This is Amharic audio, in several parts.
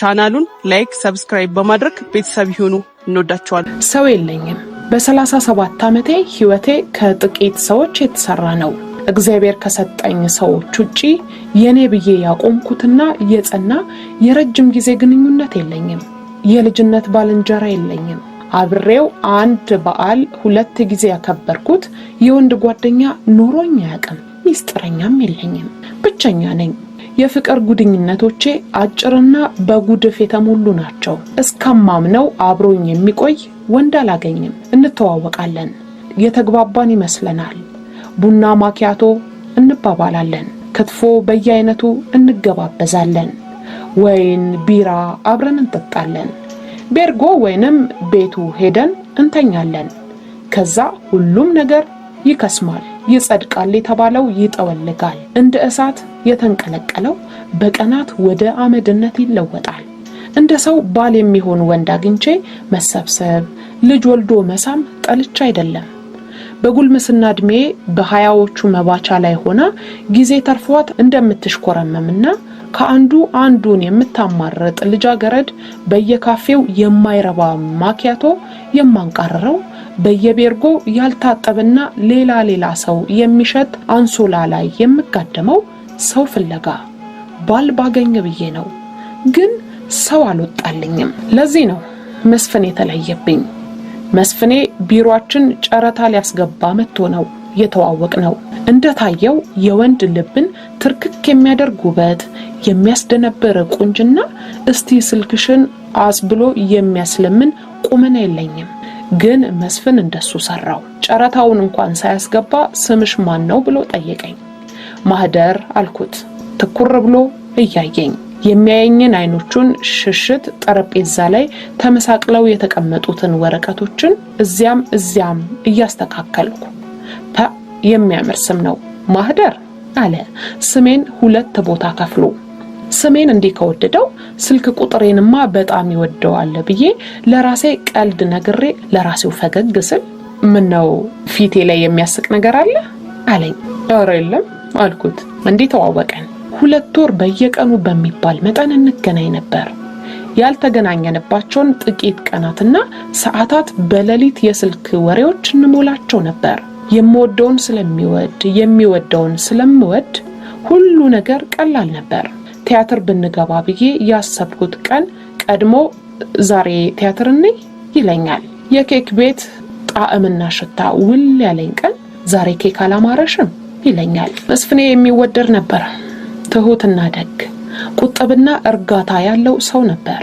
ቻናሉን ላይክ፣ ሰብስክራይብ በማድረግ ቤተሰብ ይሁኑ። እንወዳቸዋለን። ሰው የለኝም። በ37 ዓመቴ ህይወቴ ከጥቂት ሰዎች የተሰራ ነው። እግዚአብሔር ከሰጠኝ ሰዎች ውጪ የኔ ብዬ ያቆምኩትና የጸና የረጅም ጊዜ ግንኙነት የለኝም። የልጅነት ባልንጀራ የለኝም። አብሬው አንድ በዓል ሁለት ጊዜ ያከበርኩት የወንድ ጓደኛ ኖሮኝ አያውቅም። ሚስጥረኛም የለኝም። ብቸኛ ነኝ። የፍቅር ጉድኝነቶቼ አጭርና በጉድፍ የተሞሉ ናቸው። እስከማምነው አብሮኝ የሚቆይ ወንድ አላገኝም። እንተዋወቃለን፣ የተግባባን ይመስለናል። ቡና ማኪያቶ እንባባላለን፣ ክትፎ በየአይነቱ እንገባበዛለን፣ ወይን ቢራ አብረን እንጠጣለን፣ ቤርጎ ወይንም ቤቱ ሄደን እንተኛለን። ከዛ ሁሉም ነገር ይከስማል፣ ይጸድቃል የተባለው ይጠወልጋል እንደ እሳት የተንቀለቀለው በቀናት ወደ አመድነት ይለወጣል። እንደ ሰው ባል የሚሆን ወንድ አግኝቼ መሰብሰብ፣ ልጅ ወልዶ መሳም ጠልቻ አይደለም። በጉልምስና እድሜ በሀያዎቹ መባቻ ላይ ሆና ጊዜ ተርፏት እንደምትሽኮረመምና ከአንዱ አንዱን የምታማረጥ ልጃገረድ በየካፌው የማይረባ ማኪያቶ የማንቃርረው በየቤርጎ ያልታጠብና ሌላ ሌላ ሰው የሚሸት አንሶላ ላይ የምጋደመው ሰው ፍለጋ ባል ባገኝ ብዬ ነው፣ ግን ሰው አልወጣልኝም። ለዚህ ነው መስፍን የተለየብኝ። መስፍኔ ቢሮአችን ጨረታ ሊያስገባ መጥቶ ነው የተዋወቅ ነው። እንደታየው የወንድ ልብን ትርክክ የሚያደርግ ውበት፣ የሚያስደነብር ቁንጅና፣ እስቲ ስልክሽን አስ ብሎ የሚያስለምን ቁመና የለኝም። ግን መስፍን እንደሱ ሰራው። ጨረታውን እንኳን ሳያስገባ ስምሽ ማን ነው ብሎ ጠየቀኝ። ማህደር አልኩት። ትኩር ብሎ እያየኝ የሚያየኝን አይኖቹን ሽሽት ጠረጴዛ ላይ ተመሳቅለው የተቀመጡትን ወረቀቶችን እዚያም እዚያም እያስተካከልኩ ፐ የሚያምር ስም ነው ማህደር አለ ስሜን ሁለት ቦታ ከፍሎ። ስሜን እንዲህ ከወደደው ስልክ ቁጥሬንማ በጣም ይወደዋል ብዬ ለራሴ ቀልድ ነግሬ ለራሴው ፈገግ ስል ምነው ፊቴ ላይ የሚያስቅ ነገር አለ አለኝ። ኧረ የለም አልኩት። እንዴ ተዋወቀን። ሁለት ወር በየቀኑ በሚባል መጠን እንገናኝ ነበር። ያልተገናኘንባቸውን ጥቂት ቀናትና ሰዓታት በሌሊት የስልክ ወሬዎች እንሞላቸው ነበር። የምወደውን ስለሚወድ የሚወደውን ስለምወድ ሁሉ ነገር ቀላል ነበር። ቲያትር ብንገባ ብዬ ያሰብኩት ቀን ቀድሞ ዛሬ ቲያትር እንይ ይለኛል። የኬክ ቤት ጣዕምና ሽታ ውል ያለኝ ቀን ዛሬ ኬክ አላማረሽም ይለኛል። መስፍኔ የሚወደድ ነበር። ትሁትና ደግ፣ ቁጥብና እርጋታ ያለው ሰው ነበር።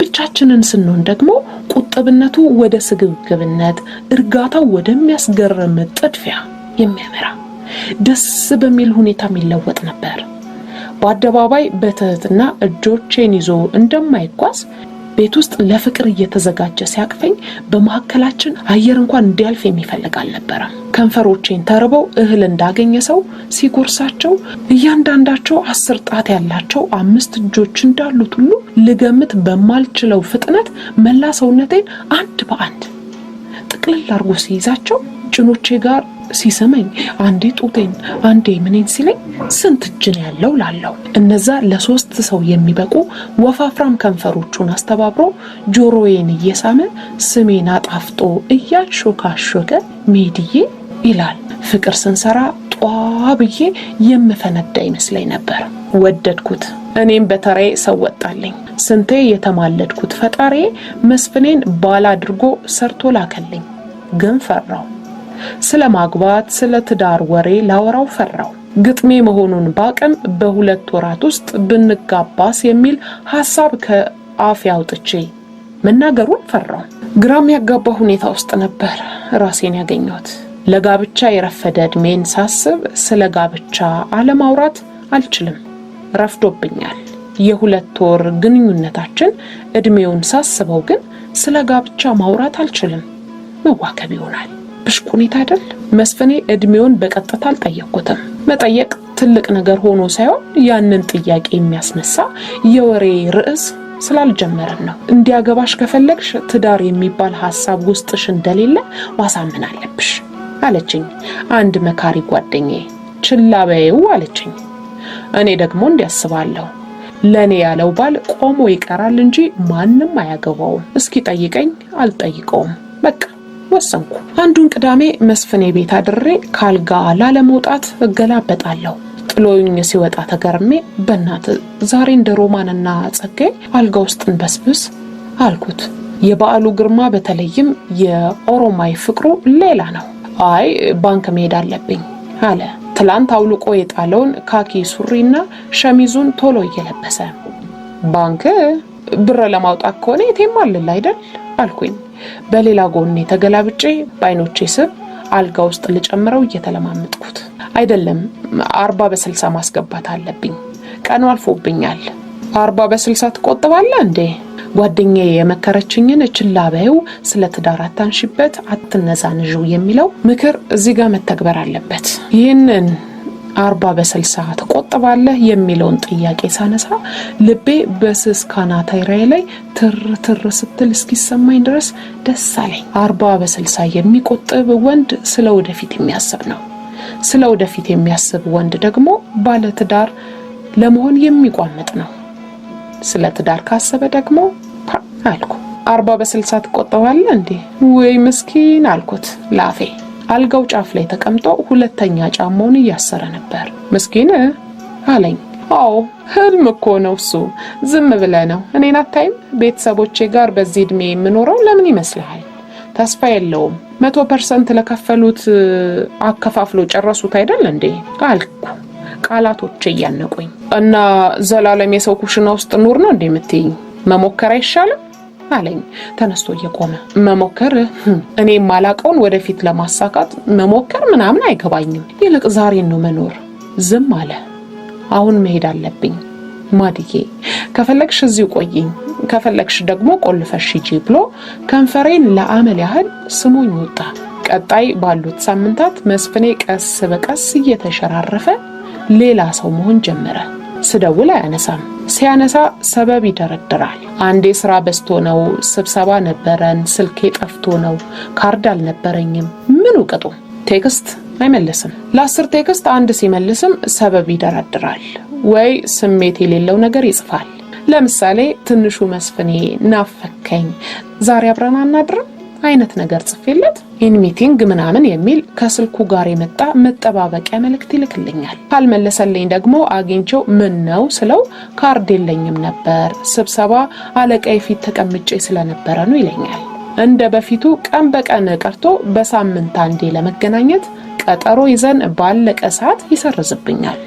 ብቻችንን ስንሆን ደግሞ ቁጥብነቱ ወደ ስግብግብነት፣ እርጋታው ወደሚያስገርም ጥድፊያ የሚያመራ ደስ በሚል ሁኔታ የሚለወጥ ነበር። በአደባባይ በትህትና እጆቼን ይዞ እንደማይጓዝ ቤት ውስጥ ለፍቅር እየተዘጋጀ ሲያቅፈኝ በመካከላችን አየር እንኳን እንዲያልፍ የሚፈልግ አልነበረም። ከንፈሮቼን ተርበው እህል እንዳገኘ ሰው ሲጎርሳቸው እያንዳንዳቸው አስር ጣት ያላቸው አምስት እጆች እንዳሉት ሁሉ ልገምት በማልችለው ፍጥነት መላ ሰውነቴን አንድ በአንድ ጥቅልል አድርጎ ሲይዛቸው ጭኖቼ ጋር ሲስመኝ አንዴ ጡቴን አንዴ ምኔን ሲለኝ ስንት እጅን ያለው ላለው እነዛ ለሶስት ሰው የሚበቁ ወፋፍራም ከንፈሮቹን አስተባብሮ ጆሮዬን እየሳመ ስሜን አጣፍጦ እያሾካሾከ ሜድዬ ይላል። ፍቅር ስንሰራ ጧ ብዬ የምፈነዳ ይመስለኝ ነበር። ወደድኩት። እኔም በተራዬ ሰው ወጣልኝ። ስንቴ የተማለድኩት ፈጣሪ መስፍኔን ባል አድርጎ ሰርቶ ላከልኝ። ግን ፈራው። ስለ ማግባት ስለ ትዳር ወሬ ላወራው ፈራው። ግጥሜ መሆኑን ባቅም በሁለት ወራት ውስጥ ብንጋባስ የሚል ሀሳብ ከአፌ አውጥቼ መናገሩን ፈራው። ግራም ያጋባ ሁኔታ ውስጥ ነበር ራሴን ያገኘሁት። ለጋብቻ የረፈደ እድሜን ሳስብ ስለ ጋብቻ አለማውራት አልችልም። ረፍዶብኛል። የሁለት ወር ግንኙነታችን እድሜውን ሳስበው ግን ስለ ጋብቻ ማውራት አልችልም። መዋከብ ይሆናል። ብሽቅ ሁኔታ አይደል? መስፍኔ እድሜውን በቀጥታ አልጠየቅኩትም። መጠየቅ ትልቅ ነገር ሆኖ ሳይሆን ያንን ጥያቄ የሚያስነሳ የወሬ ርዕስ ስላልጀመረን ነው። እንዲያገባሽ ከፈለግሽ ትዳር የሚባል ሀሳብ ውስጥሽ እንደሌለ ማሳመን አለብሽ። አለችኝ አንድ መካሪ ጓደኛዬ። ችላ በይው አለችኝ። እኔ ደግሞ እንዲያስባለሁ ለእኔ ያለው ባል ቆሞ ይቀራል እንጂ ማንም አያገባውም። እስኪ ጠይቀኝ አልጠይቀውም። በቃ ወሰንኩ። አንዱን ቅዳሜ መስፍኔ ቤት አድሬ ካልጋ ላለመውጣት እገላበጣለሁ። ጥሎኝ ሲወጣ ተገርሜ በእናት ዛሬ እንደ ሮማንና ጸጋይ አልጋ ውስጥን በስብስ አልኩት። የበዓሉ ግርማ በተለይም የኦሮማይ ፍቅሩ ሌላ ነው። አይ ባንክ መሄድ አለብኝ አለ። ትላንት አውልቆ የጣለውን ካኪ ሱሪና ሸሚዙን ቶሎ እየለበሰ ባንክ ብር ለማውጣት ከሆነ የቴም አልል አይደል አልኩኝ። በሌላ ጎኔ ተገላብጬ በአይኖቼ ስብ አልጋ ውስጥ ልጨምረው እየተለማመጥኩት አይደለም፣ አርባ በስልሳ ማስገባት አለብኝ። ቀኑ አልፎብኛል። አርባ በስልሳ ትቆጥባለ እንዴ? ጓደኛዬ የመከረችኝን ችላ በይው፣ ስለ ትዳር አታንሽበት አትነዛንዥው የሚለው ምክር እዚህ ጋር መተግበር አለበት። ይህንን አርባ በስልሳ ትቆጥባለህ የሚለውን ጥያቄ ሳነሳ ልቤ በስስካና ካናታይራዬ ላይ ትር ትር ስትል እስኪሰማኝ ድረስ ደስ አለኝ። አርባ በስልሳ የሚቆጥብ ወንድ ስለ ወደፊት የሚያስብ ነው። ስለ ወደፊት የሚያስብ ወንድ ደግሞ ባለትዳር ለመሆን የሚቋምጥ ነው። ስለ ትዳር ካሰበ ደግሞ ተቆጣ አልኩ። አርባ በስልሳ ትቆጠዋለ እንዴ? ወይ ምስኪን አልኩት ላፌ። አልጋው ጫፍ ላይ ተቀምጦ ሁለተኛ ጫማውን እያሰረ ነበር። ምስኪን አለኝ። አዎ ህልም እኮ ነው እሱ። ዝም ብለ ነው እኔን አታይም? ቤተሰቦቼ ጋር በዚህ እድሜ የምኖረው ለምን ይመስልሃል? ተስፋ የለውም። መቶ ፐርሰንት ለከፈሉት አከፋፍሎ ጨረሱት አይደል እንዴ አልኩ፣ ቃላቶች እያነቁኝ። እና ዘላለም የሰው ኩሽና ውስጥ ኑር ነው እንዴ የምትይኝ? መሞከር አይሻልም አለኝ። ተነስቶ እየቆመ መሞከር hm፣ እኔ የማላቀውን ወደፊት ለማሳካት መሞከር ምናምን አይገባኝም። ይልቅ ዛሬን ነው መኖር። ዝም አለ። አሁን መሄድ አለብኝ ማድዬ፣ ከፈለግሽ እዚሁ ቆይኝ፣ ከፈለግሽ ደግሞ ቆልፈሽ ሂጂ ብሎ ከንፈሬን ለአመል ያህል ስሞኝ ወጣ። ቀጣይ ባሉት ሳምንታት መስፍኔ ቀስ በቀስ እየተሸራረፈ ሌላ ሰው መሆን ጀመረ። ስደውል አያነሳም። ሲያነሳ ሰበብ ይደረድራል። አንዴ ስራ በዝቶ ነው፣ ስብሰባ ነበረን፣ ስልኬ ጠፍቶ ነው፣ ካርድ አልነበረኝም። ምኑ ቅጡ ቴክስት አይመልስም። ለአስር ቴክስት አንድ ሲመልስም ሰበብ ይደረድራል ወይ ስሜት የሌለው ነገር ይጽፋል። ለምሳሌ ትንሹ መስፍኔ ናፈከኝ፣ ዛሬ አብረን አናድርም አይነት ነገር ጽፌለት ሚቲንግ ምናምን የሚል ከስልኩ ጋር የመጣ መጠባበቂያ መልእክት ይልክልኛል። ካልመለሰልኝ ደግሞ አግኝቼው ምን ነው ስለው ካርድ የለኝም ነበር፣ ስብሰባ አለቀይ ፊት ተቀምጬ ስለነበረ ነው ይለኛል። እንደ በፊቱ ቀን በቀን ቀርቶ በሳምንት አንዴ ለመገናኘት ቀጠሮ ይዘን ባለቀ ሰዓት ይሰርዝብኛል።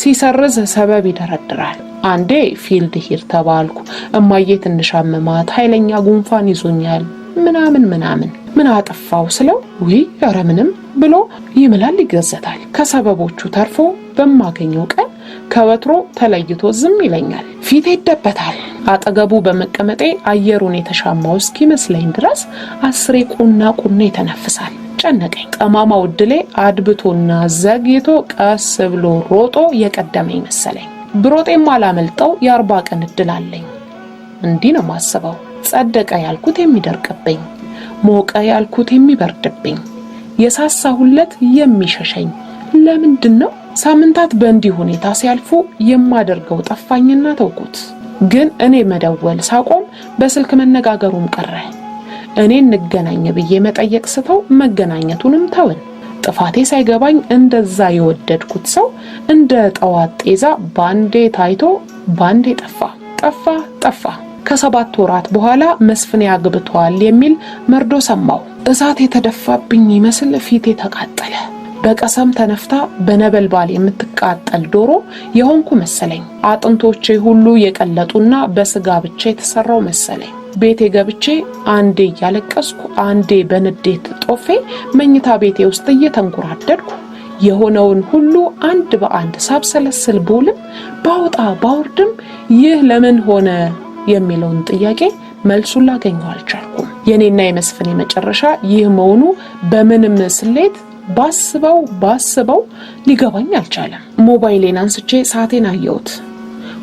ሲሰርዝ ሰበብ ይደረድራል። አንዴ ፊልድ ሂር ተባልኩ፣ እማዬ ትንሽ አመማት፣ ኃይለኛ ጉንፋን ይዞኛል ምናምን ምናምን ምን አጠፋው ስለው ውይ ኧረ ምንም ብሎ ይምላል፣ ይገዘታል። ከሰበቦቹ ተርፎ በማገኘው ቀን ከወትሮ ተለይቶ ዝም ይለኛል። ፊቴ ይደበታል። አጠገቡ በመቀመጤ አየሩን የተሻማው እስኪመስለኝ ድረስ አስሬ ቁና ቁና ይተነፍሳል። ጨነቀኝ። ጠማማው እድሌ አድብቶና ዘግይቶ ቀስ ብሎ ሮጦ የቀደመኝ መሰለኝ። ብሮጤም አላመልጠው የአርባ ቀን እድል አለኝ። እንዲህ ነው ማስበው። ጸደቀ ያልኩት የሚደርቅብኝ፣ ሞቀ ያልኩት የሚበርድብኝ፣ የሳሳሁለት የሚሸሸኝ ለምንድን ነው? ሳምንታት በእንዲህ ሁኔታ ሲያልፉ የማደርገው ጠፋኝና ተውኩት። ግን እኔ መደወል ሳቆም በስልክ መነጋገሩም ቀረ። እኔ እንገናኝ ብዬ መጠየቅ ስተው መገናኘቱንም ተውን። ጥፋቴ ሳይገባኝ እንደዛ የወደድኩት ሰው እንደ ጠዋት ጤዛ ባንዴ ታይቶ ባንዴ ጠፋ ጠፋ ጠፋ። ከሰባት ወራት በኋላ መስፍን ያግብተዋል የሚል መርዶ ሰማሁ። እሳት የተደፋብኝ ይመስል ፊቴ ተቃጠለ። በቀሰም ተነፍታ በነበልባል የምትቃጠል ዶሮ የሆንኩ መሰለኝ። አጥንቶቼ ሁሉ የቀለጡና በስጋ ብቻ የተሰራው መሰለኝ። ቤቴ ገብቼ አንዴ እያለቀስኩ አንዴ በንዴት ጦፌ መኝታ ቤቴ ውስጥ እየተንጎራደድኩ የሆነውን ሁሉ አንድ በአንድ ሳብሰለስል ብውልም ባውጣ ባውርድም ይህ ለምን ሆነ የሚለውን ጥያቄ መልሱን ላገኘው አልቻልኩም። የኔና የመስፍን የመጨረሻ ይህ መሆኑ በምንም ስሌት ባስበው ባስበው ሊገባኝ አልቻለም። ሞባይሌን አንስቼ ሰዓቴን አየሁት።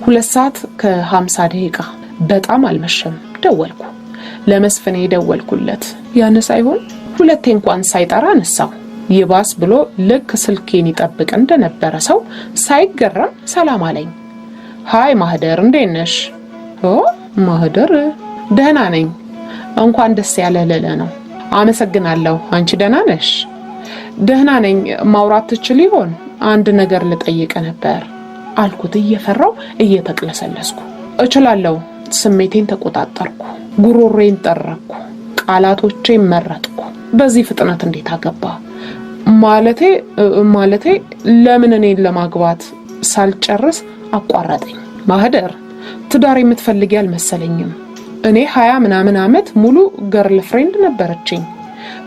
ሁለት ሰዓት ከሀምሳ ደቂቃ በጣም አልመሸም። ደወልኩ። ለመስፍን የደወልኩለት ያን ሳይሆን ሁለቴ እንኳን ሳይጠራ አነሳው። ይባስ ብሎ ልክ ስልኬን ይጠብቅ እንደነበረ ሰው ሳይገረም ሰላም አለኝ። ሀይ ማህደር እንዴት ነሽ? ማህደር ደህና ነኝ። እንኳን ደስ ያለ ለለ ነው። አመሰግናለሁ። አንቺ ደህና ነሽ? ደህና ነኝ። ማውራት ትችል ይሆን? አንድ ነገር ልጠይቅ ነበር አልኩት እየፈራው እየተቅለሰለስኩ። እችላለሁ። ስሜቴን ተቆጣጠርኩ። ጉሮሬን ጠረኩ። ቃላቶቼን መረጥኩ። በዚህ ፍጥነት እንዴት አገባ? ማለቴ ማለቴ ለምን እኔን ለማግባት ሳልጨርስ አቋረጠኝ ማህደር ትዳር የምትፈልጊ አልመሰለኝም። እኔ ሀያ ምናምን ዓመት ሙሉ ገርል ፍሬንድ ነበረችኝ።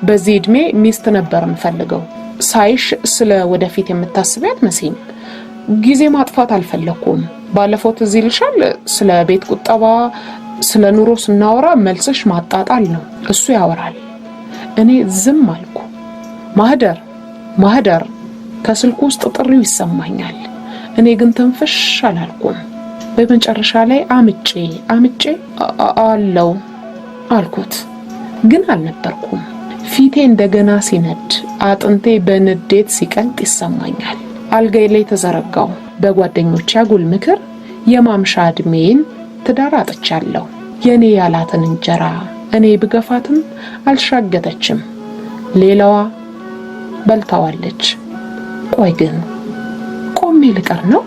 በዚህ ዕድሜ ሚስት ነበር የምፈልገው። ሳይሽ ስለ ወደፊት የምታስቢ አትመስይም። ጊዜ ማጥፋት አልፈለግኩም። ባለፈው ትዝ ይልሻል፣ ስለ ቤት ቁጠባ፣ ስለ ኑሮ ስናወራ መልስሽ ማጣጣል ነው። እሱ ያወራል፣ እኔ ዝም አልኩ። ማህደር ማህደር፣ ከስልኩ ውስጥ ጥሪው ይሰማኛል። እኔ ግን ትንፍሽ አላልኩም። በመጨረሻ ላይ አምጬ አምጬ አለው አልኩት፣ ግን አልነበርኩም። ፊቴ እንደገና ሲነድ፣ አጥንቴ በንዴት ሲቀልጥ ይሰማኛል። አልጋይ ላይ ተዘረጋው። በጓደኞች አጉል ምክር የማምሻ ዕድሜዬን ትዳር አጥቻለሁ። የእኔ ያላትን እንጀራ እኔ ብገፋትም አልሻገተችም፣ ሌላዋ በልታዋለች። ቆይ ግን ቆሜ ልቀር ነው?